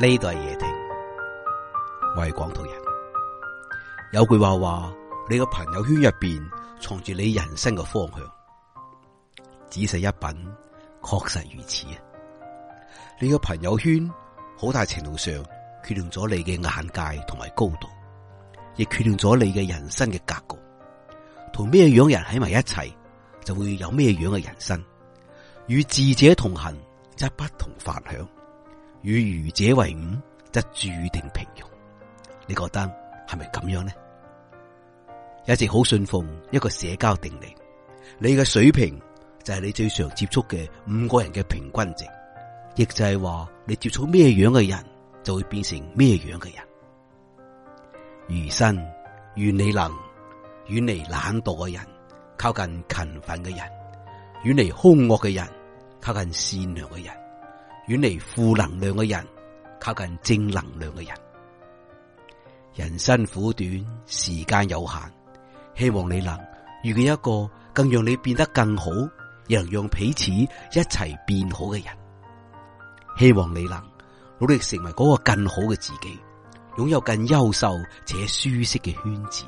呢度係夜聽，我係廣東人。有句話話，你個朋友圈入邊藏住你人生嘅方向。仔細一品，確實如此啊！你個朋友圈好大程度上決定咗你嘅眼界同埋高度，亦決定咗你嘅人生嘅格局。同咩樣人喺埋一齊，就會有咩樣嘅人生。與智者同行，則不同凡響。與愚者為伍，則注定平庸。你覺得係咪咁樣呢？一直好信奉一個社交定理，你嘅水平就係你最常接觸嘅五個人嘅平均值，亦就係話你接觸咩樣嘅人，就會變成咩樣嘅人。餘生願你能遠離懶惰嘅人，靠近勤奮嘅人；遠離兇惡嘅人，人，靠近善良嘅人。遠離負能量嘅人，靠近正能量嘅人。人生苦短，時間有限，希望你能遇見一個更讓你變得更好，又能讓彼此一齊變好嘅人。希望你能努力成為嗰個更好嘅自己，擁有更優秀且舒適嘅圈子。